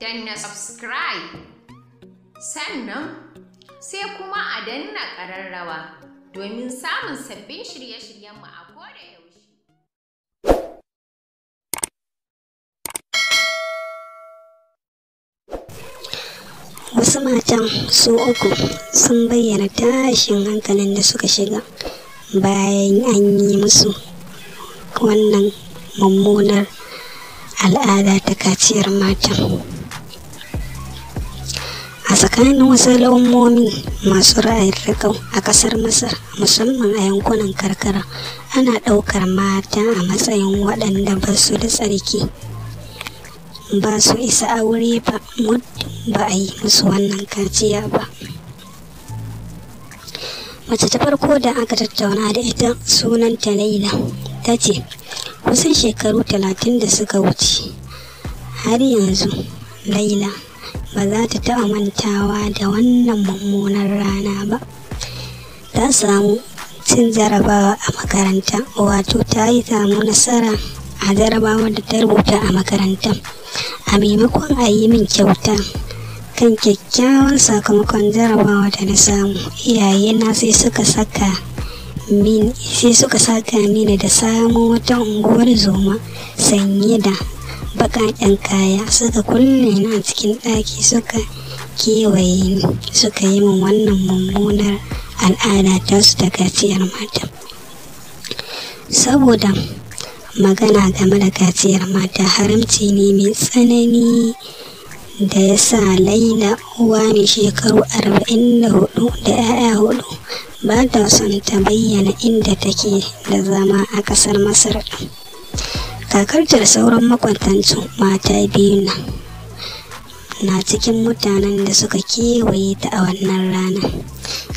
danna subscribe sannan sai kuma a danna ƙararrawa domin samun sabbin shirye-shiryenmu a koda yaushe. Wasu matan su uku sun bayyana tashin hankalin da suka shiga bayan an yi musu wannan mummunar al'ada ta kaciyar matan. a tsakanin wasu al'ummomi masu ra'ayin rikau a ƙasar masar musamman a yankunan karkara ana ɗaukar mata a matsayin waɗanda ba su da tsarki ba su isa aure ba mud ba a yi musu wannan kaciya ba mace ta farko da aka tattauna da ita sunanta laila ta ce kusan shekaru talatin da suka wuce har yanzu laila ba za ta taɓa mantawa da wannan mummunar rana ba ta samu cin jarabawa a makaranta wato ta yi samu nasara a jarabawa da ta rubuta a makaranta a maimakon a yi min kyauta kan kyakkyawan sakamakon jarabawa da na samu iyayena sai suka saka sai suka saka mini da samu wata unguwar zoma sanye da baƙaƙen kaya suka kulle ni a cikin ɗaki suka kewaye suka yi min wannan mummunar al'ada ta su daga ciyar mata saboda magana game da kaciyar mata haramci ne mai tsanani da ya sa laila uwa mai shekaru 44 da 'ya'ya hudu ba ta son ta bayyana inda take da zama a ƙasar masar kakarta da sauran makwantansu mata biyu na na cikin mutanen da suka kewaye ta a wannan rana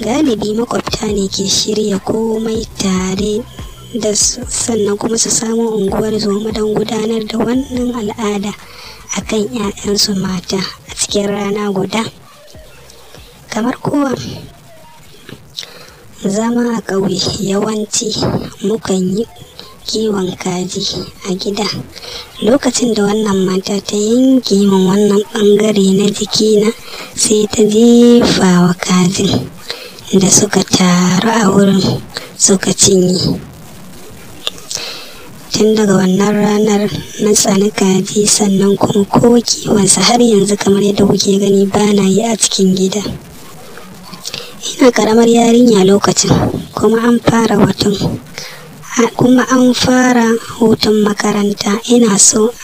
galibi makwabta ne ke shirya komai tare da sannan kuma su samu unguwar zoma don gudanar da wannan al'ada a kan 'ya'yansu mata a cikin rana guda kamar kowa zama a ƙauye yawanci mukan yi kiwon kaji a gida lokacin da wannan mata ta yanke min wannan bangare na jikina sai ta jefa wa kajin da suka taru a wurin suka cinye tun daga wannan ranar na tsani kaji sannan kuma ko kiwonsa har yanzu kamar yadda kuke gani ba na yi a cikin gida ina karamar yarinya lokacin kuma an fara watan kuma an fara hutun makaranta ina so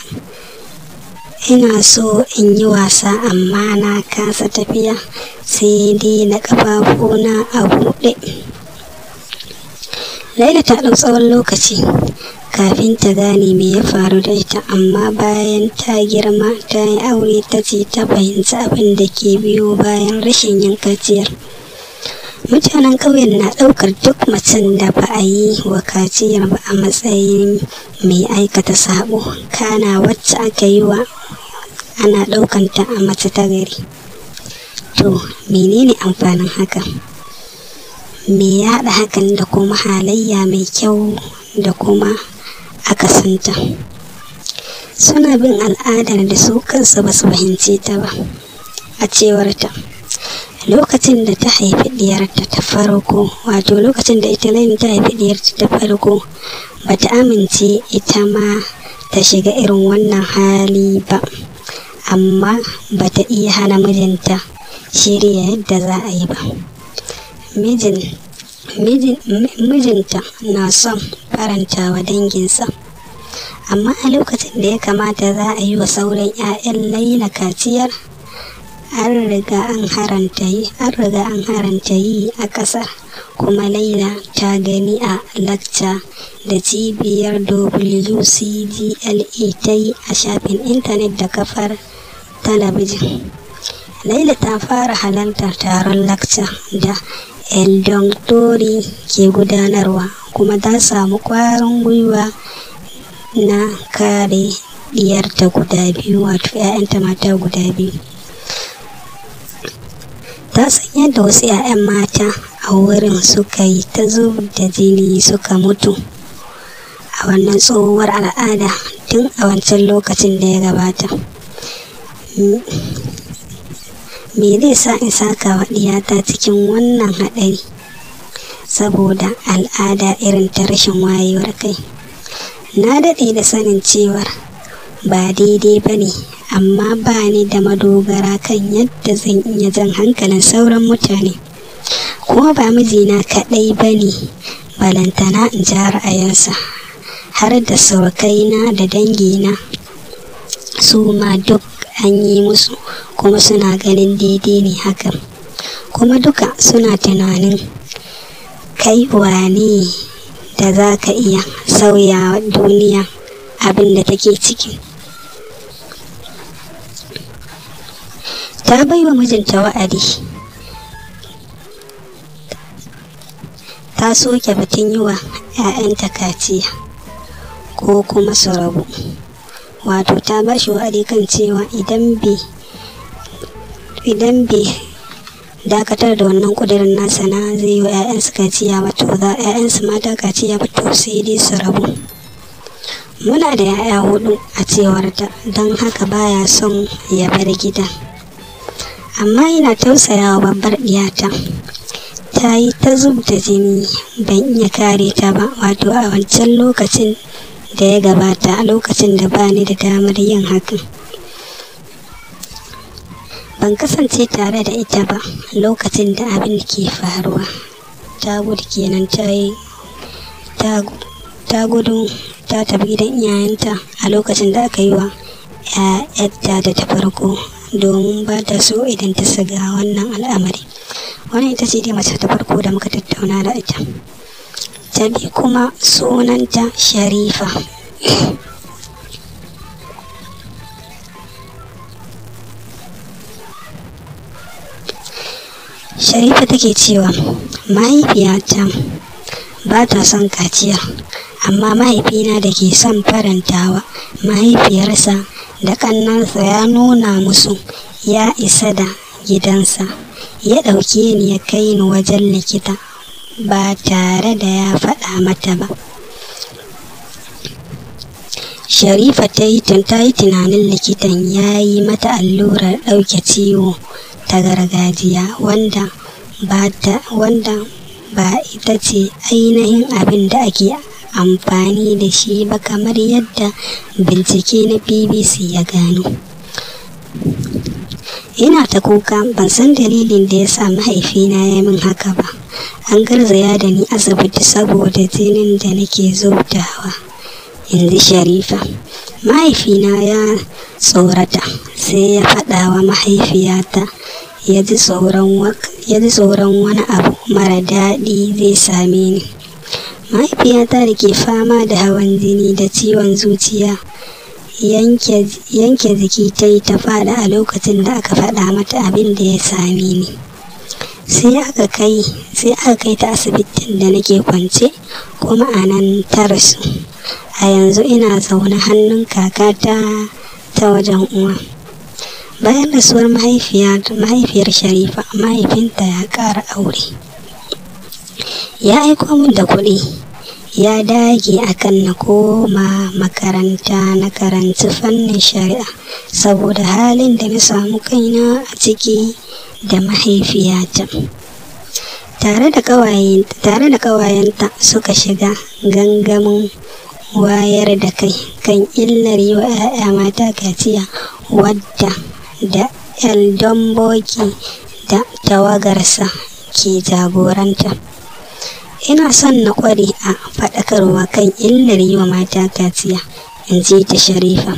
ina so in yi wasa amma na kasa tafiya sai dai na ƙafafuna a buɗe laila ta ɗau tsawon lokaci kafin ta gane me ya faru da ita amma bayan ta girma ta yi aure ta ce ta fahimci abin da ke biyo bayan rashin yin gajiyar mutanen ƙauyen na ɗaukar duk macen da ba a yi wa kaciyar ba a matsayin mai aikata sabo kana wacce aka yi wa ana ɗaukanta a mace ta gari to menene amfanin hakan me ya haɗa hakan da kuma halayya mai kyau da kuma akasanta? suna bin al'adar da su kansu ba su fahimce ta ba a cewarta lokacin da ta haifi ta farko wato lokacin da ita laini ta haifi ɗiyarta ta farko ba ta amince ita ma ta shiga irin wannan hali ba amma ba ta iya hana mijinta shirya yadda za a yi ba mijinta na son farantawa danginsa amma a lokacin da ya kamata za a yi wa sauran 'ya'yan laina kaciyar an riga an haranta yi an riga an haranta yi a ƙasar kuma laila ta gani a lakca da cibiyar wcdla e ta yi a shafin intanet da kafar talabijin laila ta fara halartar taron lakca da eldon tori ke gudanarwa kuma ta samu kwarin gwiwa na kare diyarta guda biyu wato 'ya'yanta mata guda biyu ta san yadda wasu 'ya'yan mata a wurin suka yi ta zub da jini suka mutu a wannan tsohuwar al'ada tun a wancan lokacin da ya gabata me zai sa in saka wa ɗiyata cikin wannan haɗari saboda al'ada irin ta rashin wayewar kai na daɗe da sanin cewar ba daidai ba ne amma ba ni da madogara kan yadda zan iya jan hankalin sauran mutane kuma ba mijina kaɗai ba ne balantana in ja ra'ayinsa har da na da dangina su ma duk an yi musu kuma suna ganin daidai ne hakan kuma duka suna tunanin kai wane da za ka iya sauya duniya abin da take ciki ta baiwa mijinta wa'adi ta soke batun yi wa 'ya'yanta kaciya ko kuma su rabu wato ta ba shi wa'adi kan cewa idan bi idan bi dakatar da wannan kudirin nasa na zai yi wa 'ya'yansu kaciya ba to za 'ya'yansu mata kaciya ba to sai dai su rabu muna da 'ya'ya hudu a cewarta don haka baya son ya bar gidan amma ina tausayawa babbar ɗiyata ta yi ta zub da jini ban iya kare ta ba wato a wancan lokacin da ya gabata a lokacin da ba ni da damar yin hakan ban kasance tare da ita ba lokacin da abin ke faruwa ta gudu kenan ta yi ta gudu ta tafi gidan iyayenta a lokacin da aka yi wa 'ya'yarta da ta farko domin ba ta so idan ta shiga wannan al'amari wani ita ce dai mace ta farko da muka tattauna da ita ta bi kuma sunanta sharifa sharifa take cewa mahaifiyata ba ta son kaciya amma mahaifina da ke son farantawa mahaifiyarsa da ƙannansa ya nuna musu ya isa da gidansa ya ɗauke ni ya kai ni wajen likita ba tare da ya faɗa mata ba sharifa ta yi tunanin likitan ya yi mata allurar ɗauke ciwo ta gargajiya wanda ba ita ce ainihin abin da ake amfani da shi ba kamar yadda bincike na bbc ya gano ina ta kuka ban san dalilin da ya sa mahaifina ya min haka ba an garzaya da ni asibiti saboda jinin da nake zautawa. yanzu sharifa mahaifina ya tsorata sai ya faɗa wa mahaifiyata ya ji tsoron wani abu mara daɗi zai same ni mahaifiyata da ke fama da hawan jini da ciwon zuciya yanke jiki ta yi ta fada a lokacin da aka faɗa mata abin da ya sami ni sai aka kai sai aka kai ta asibitin da nake kwance kuma a nan ta rasu a yanzu ina zaune hannun kakata ta wajen uwa bayan rasuwar mahaifiyar sharifa mahaifinta ya ƙara aure ya aiko min da kuɗi ya dage akan na koma makaranta na karanci fannin shari'a saboda halin da na samu kaina a ciki da mahaifiyata tare da ƙawayenta suka shiga gangamin wayar da kai kan illar yi wa 'ya'ya mata gajiya wadda da eldon boki da tawagarsa ke jagoranta ina son na kware a faɗakarwa kan illar yi wa mata kaciya in ji ta sharifa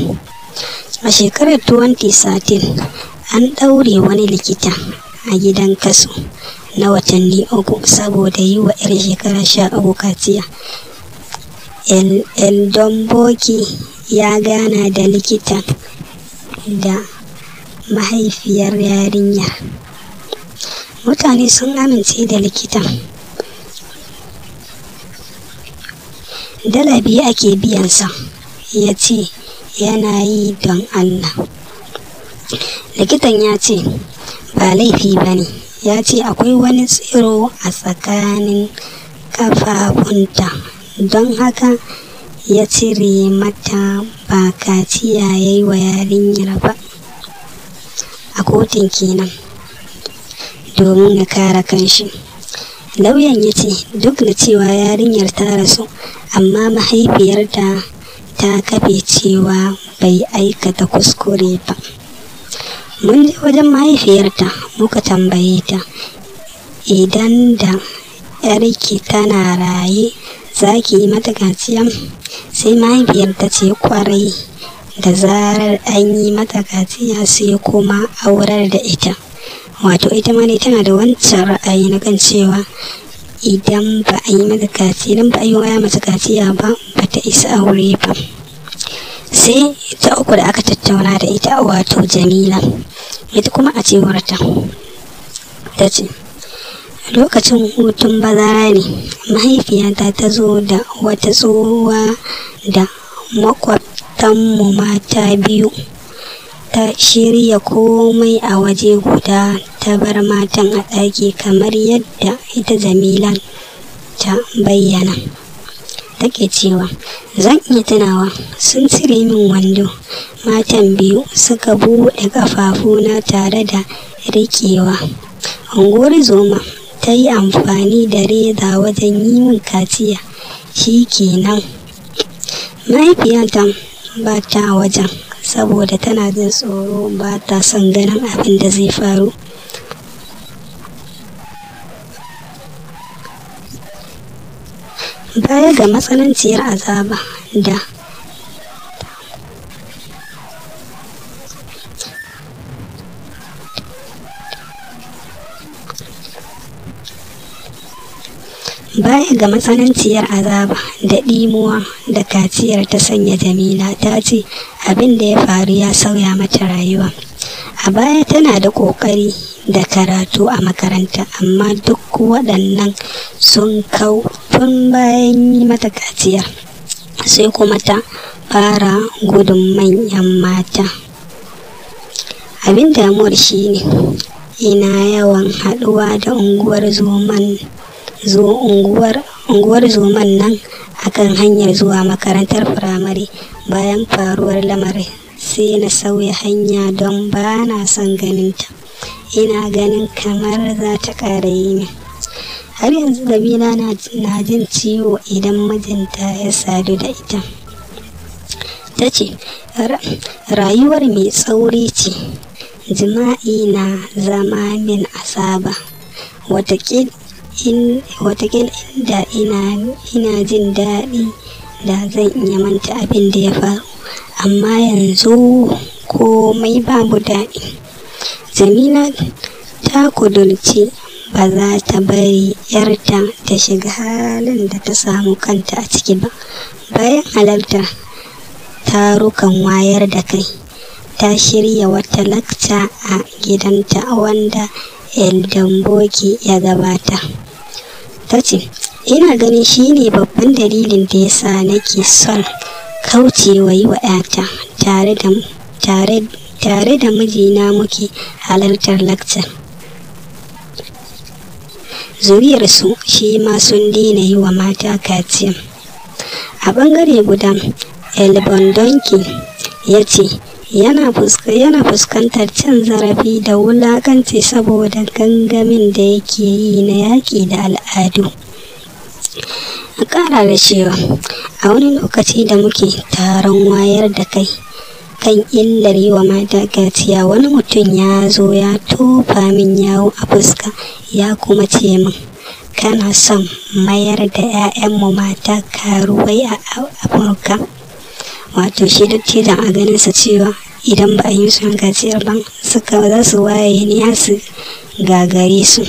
a shekarar 2013 an ɗaure wani likita a gidan kaso na watanni uku saboda yi wa 'yar shekara sha uku kaciya eldonboki ya gana da likita da mahaifiyar yarinya. mutane sun amince da likitan dala biyu ake biyansa ya ce yana yi don allah likitan ya ce ba laifi ba ne ya ce akwai wani tsiro a tsakanin kafafunta don haka ya cire mata ba kaciya ya yi wa yarinyar ba a kotun kenan domin ya kare kanshi lauyan ya ce duk da cewa yarinyar ta rasu amma mahaifiyarta ta kafe cewa bai aikata kuskure ba mun je wajen mahaifiyarta muka tambaye ta idan da yarki tana raye za ki yi mata sai mahaifiyarta ce kwarai da zarar an yi mata gaciya sai kuma aurar da ita wato ita ma ne tana da wancan ra'ayi na kan cewa idan ba a yi mata kaci idan ba a yi waya mata kaciya ba ba ta isa wuri ba sai ta uku da aka tattauna da ita wato jamila ita kuma a cewarta ta ce lokacin hutun bazara ne mahaifiyata ta zo da wata tsohuwa da makwabtanmu mata biyu ta shirya komai a waje guda ta bar matan a ɗaki kamar yadda ita Jamila ta bayyana take cewa zan iya tunawa sun cire min wando matan biyu suka buɗe ƙafafuna tare da riƙewa unguwar zoma ta yi amfani da reza wajen yi min kaciya shi kenan mahaifiyata ba ta wajen saboda tana jin tsoro ba ta son ganin abin da zai faru baya ga matsananciyar azaba da baya ga matsananciyar azaba da ɗimuwa da kaciyar ta sanya jamila ta ce abin da ya faru ya sauya mata rayuwa a baya tana da ƙoƙari da karatu a makaranta amma duk waɗannan sun kau tun bayan yi mata kaciya sai kuma ta fara gudun manyan mata abin damuwar shi ne ina yawan haɗuwa da unguwar zoman unguwar zoman nan akan hanyar zuwa makarantar firamare bayan faruwar lamarin sai na sauya hanya don ba na son ganinta ina ganin kamar za ta ƙara yi min har yanzu dabina na jin ciwo idan mijinta ya sadu da ita ta ce rayuwar mai tsauri ce jima'i na zama min asaba watakila in watakila inda ina jin daɗi da zan iya manta abin da ya faru amma yanzu komai babu daɗi jamila ta kudurci ba za ta bari yarta ta shiga halin da ta samu kanta a ciki ba bayan halartar tarukan wayar da kai ta shirya wata lakca a gidanta wanda Damboki ya gabata ta ina ganin shi ne babban dalilin da yasa nake son kaucewa yi wa 'yata tare da mijina muke halartar lakcar zuriyarsu shi ma sun daina yi wa mata kaciyar a ɓangare guda elbondonki ya ce yana fuskantar cin zarafi da wulakanci saboda gangamin da yake yi na yaƙi da al'adu a ƙara da cewa a wani lokaci da muke taron wayar da kai kan illar yi wa mata gaciya wani mutum ya zo ya tofa min yawo a fuska ya kuma ce min kana son mayar da 'ya'yanmu mata karuwai a afirka wato shi duk da a ganinsa cewa idan ba a yi musu hankaciyar ba, suka za su waye ne har su gagare su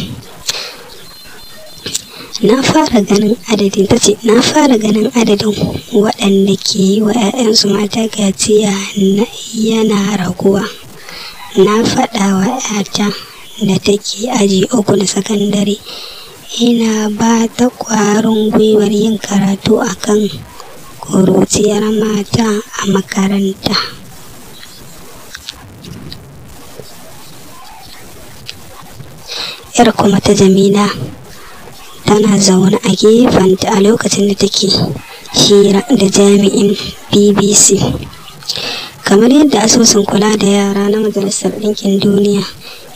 na fara ganin adadin ta na fara ganin adadin waɗanda ke yi wa 'ya'yansu mata gajiya yana raguwa na faɗa wa 'yata da take aji uku na sakandare ina ba ta ƙwarin gwiwar yin karatu akan ƙuruciyar mata a makaranta yar kuma ta jamila tana zaune a gefenta a lokacin da take hira da jami'in bbc kamar yadda asusun kula da yara na majalisar ɗinkin duniya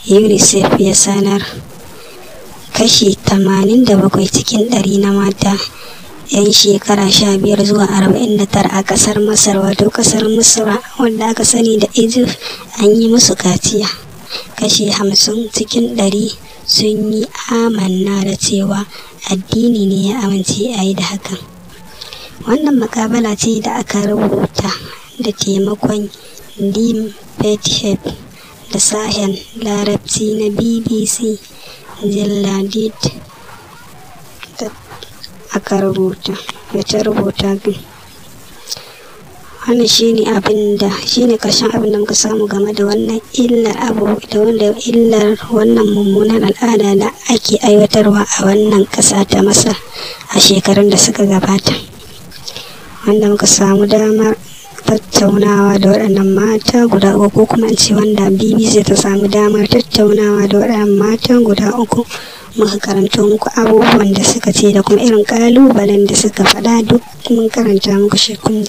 unicef ya sanar kashi 87 cikin ɗari na mata 'yan shekara sha biyar zuwa arba'in da tara a kasar masar wato kasar misra wanda aka sani da egypt an yi musu kaciya Kashe hamsin cikin ɗari sun yi amanna da cewa addini ne ya amince a yi da hakan wannan makabala ce da aka rubuta da taimakon dim da sahen larabci na bbc jilladid aka rubuta ya rubuta min wannan ne abin da ne karshen abin da muka samu game da wannan illar abu da wanda illar wannan mummunan al'ada da ake aiwatarwa a wannan ƙasa ta masar a shekarun da suka gabata wanda muka samu damar tattaunawa da waɗannan mata guda uku ko kuma in ce wanda BBC ta samu damar tattaunawa da waɗannan mata guda uku muka karanta muku abubuwan da suka ce da kuma irin kalubalen da suka faɗa duk mun karanta muku shi kun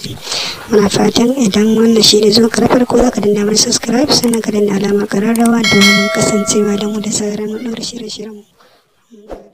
muna fatan idan wannan shi da zuwa karfar ko za ka danna mana subscribe sannan ka danna alamar kararrawa domin kasancewa da mu da sauran mu shirye-shiryen mu